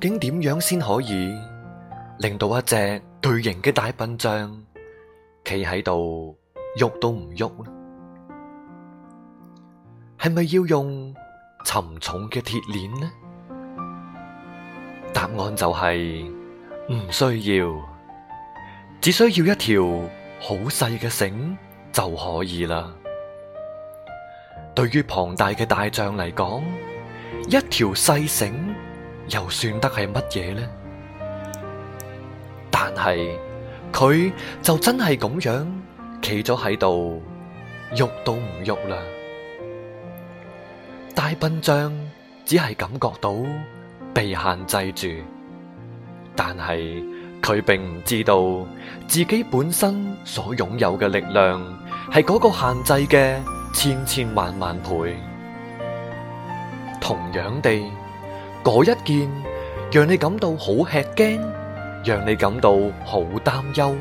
究竟點樣先可以令到一隻巨型嘅大笨象企喺度喐都唔喐呢？係咪要用沉重嘅鐵鏈呢？答案就係唔需要，只需要一條好細嘅繩就可以啦。對於龐大嘅大象嚟講，一條細繩。又算得係乜嘢呢？但係佢就真係咁樣企咗喺度，喐都唔喐啦。大笨象只係感覺到被限制住，但係佢並唔知道自己本身所擁有嘅力量係嗰個限制嘅千千萬萬倍。同樣地。嗰一件，讓你感到好吃驚，讓你感到好擔憂，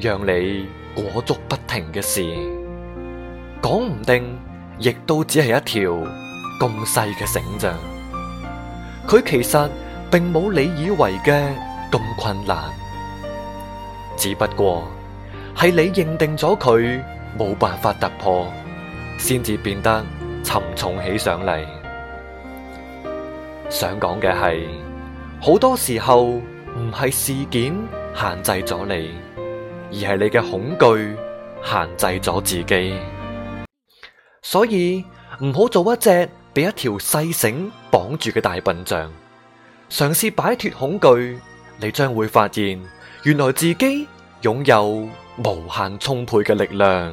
讓你裹足不停嘅事，講唔定亦都只係一條咁細嘅繩咋。佢其實並冇你以為嘅咁困難，只不過係你認定咗佢冇辦法突破，先至變得沉重起上嚟。想講嘅係，好多時候唔係事件限制咗你，而係你嘅恐懼限制咗自己。所以唔好做一隻俾一條細繩綁住嘅大笨象。嘗試擺脫恐懼，你將會發現原來自己擁有無限充沛嘅力量。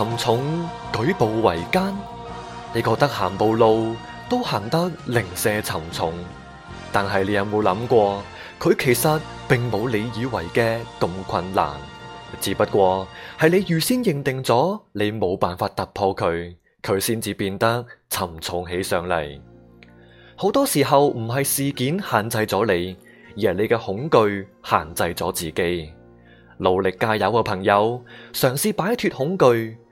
沉重舉步維艱，你覺得行步路都行得零舍沉重，但係你有冇諗過佢其實並冇你以為嘅咁困難？只不過係你預先認定咗你冇辦法突破佢，佢先至變得沉重起上嚟。好多時候唔係事件限制咗你，而係你嘅恐懼限制咗自己。努力加油嘅朋友，嘗試擺脫恐懼。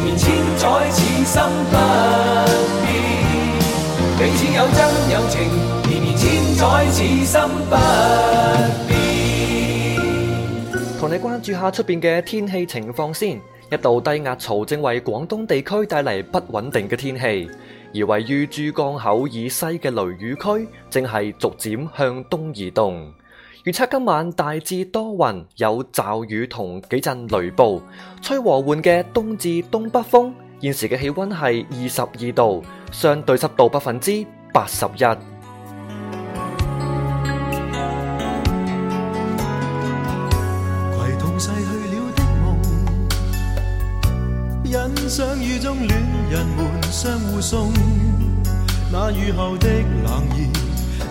年年千載此心不變，彼此有真有情。年年千載此心不變。同你關注下出面嘅天氣情況先。一道低壓槽正為廣東地區帶嚟不穩定嘅天氣，而位於珠江口以西嘅雷雨區正係逐漸向東移動。預測今晚大致多雲，有驟雨同幾陣雷暴，吹和緩嘅東至東北風。現時嘅氣溫係二十二度，相對濕度百分之八十一。攜同逝去了的夢，欣賞雨中戀人們，相互送那雨後的冷意。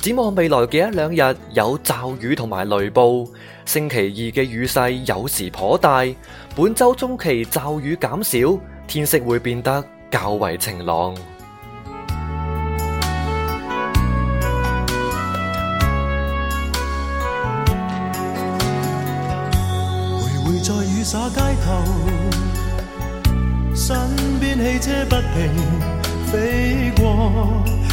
展望未來嘅一兩日有驟雨同埋雷暴，星期二嘅雨勢有時頗大。本周中期驟雨減少，天色會變得較為晴朗。徘徊在雨灑街頭，身邊汽車不停飛過。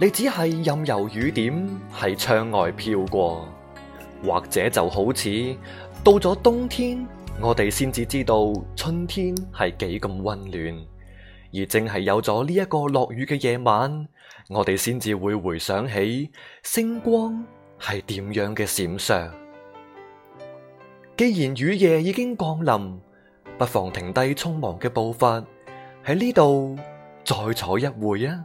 你只係任由雨點喺窗外飄過，或者就好似到咗冬天，我哋先至知道春天係幾咁溫暖。而正係有咗呢一個落雨嘅夜晚，我哋先至會回想起星光係點樣嘅閃爍。既然雨夜已經降臨，不妨停低匆忙嘅步伐，喺呢度再坐一會啊！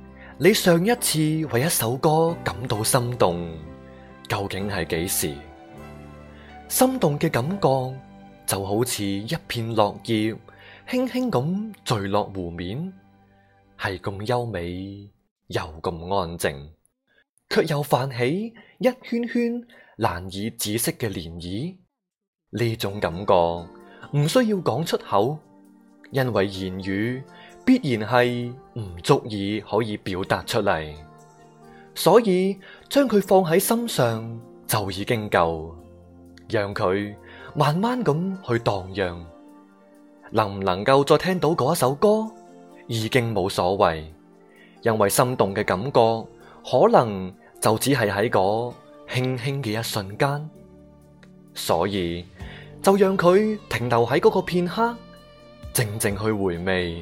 你上一次為一首歌感到心動，究竟係幾時？心動嘅感覺就好似一片落葉輕輕咁墜落湖面，係咁優美又咁安靜，卻又泛起一圈圈難以止息嘅漣漪。呢種感覺唔需要講出口，因為言語。必然係唔足以可以表達出嚟，所以將佢放喺心上就已經夠，讓佢慢慢咁去蕩漾。能唔能夠再聽到嗰一首歌已經冇所謂，因為心動嘅感覺可能就只係喺嗰輕輕嘅一瞬間，所以就讓佢停留喺嗰個片刻，靜靜去回味。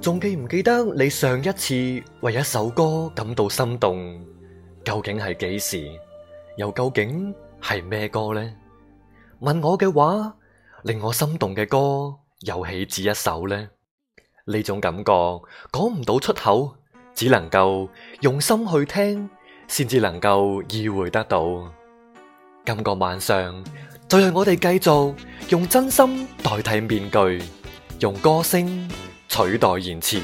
仲記唔記得你上一次為一首歌感到心動，究竟係幾時？又究竟係咩歌咧？問我嘅話，令我心動嘅歌又豈止一首咧？呢種感覺講唔到出口，只能夠用心去聽，先至能夠意會得到。今個晚上。就讓我哋繼續用真心代替面具，用歌聲取代言辭。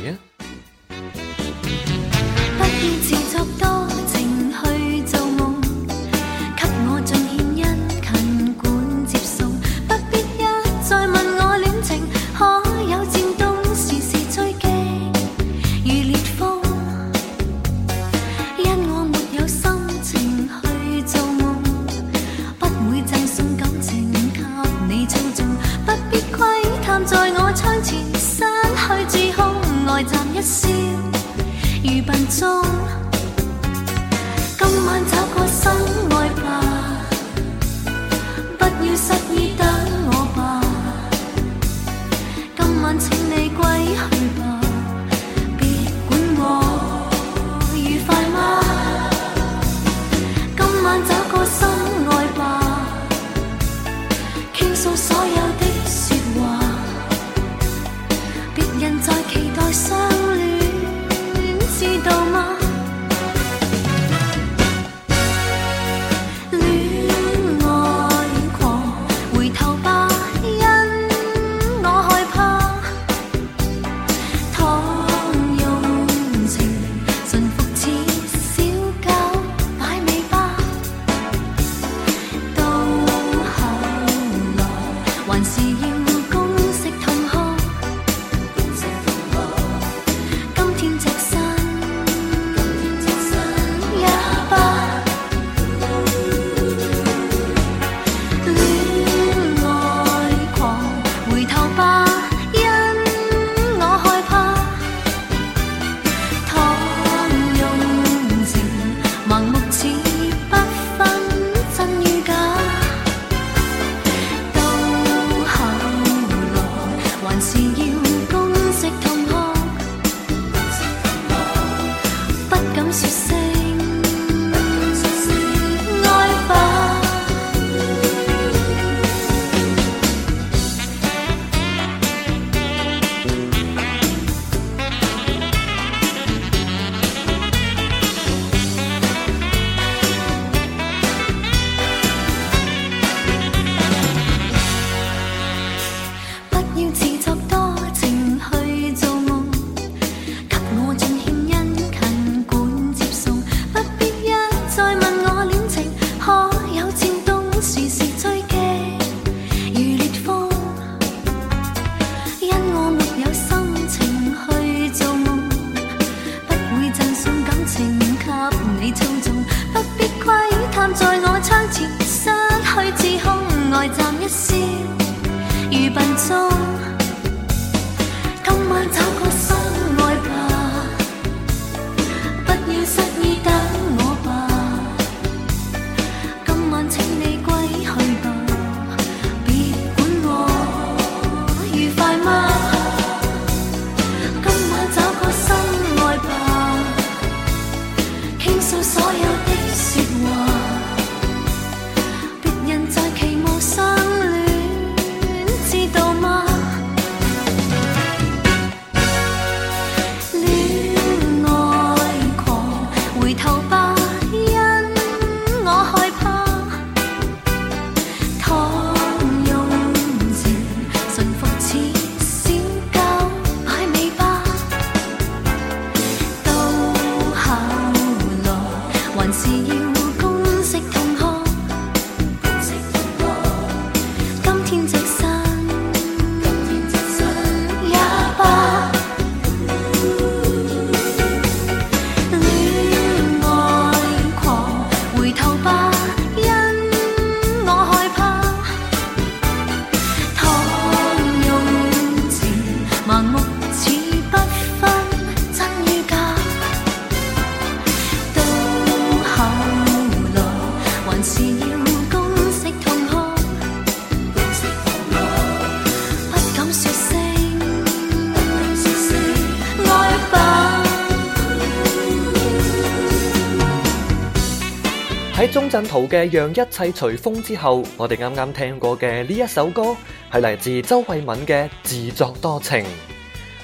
鍾鎮濤嘅《讓一切隨風》之後，我哋啱啱聽過嘅呢一首歌係來自周慧敏嘅《自作多情》。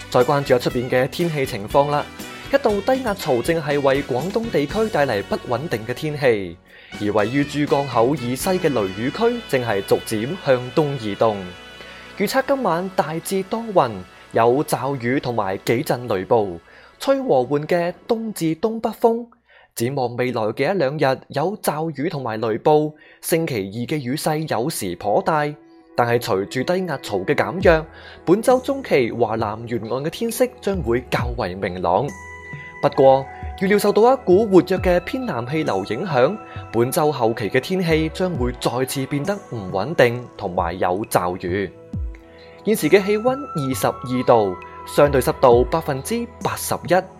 再關注下出邊嘅天氣情況啦，一道低壓槽正係為廣東地區帶嚟不穩定嘅天氣，而位於珠江口以西嘅雷雨區正係逐漸向東移動。預測今晚大致多雲，有驟雨同埋幾陣雷暴，吹和緩嘅東至東北風。展望未來嘅一兩日，有驟雨同埋雷暴，星期二嘅雨勢有時頗大。但係隨住低壓槽嘅減弱，本周中期華南沿岸嘅天色將會較為明朗。不過預料受到一股活躍嘅偏南氣流影響，本周後期嘅天氣將會再次變得唔穩定同埋有驟雨。現時嘅氣溫二十二度，相對濕度百分之八十一。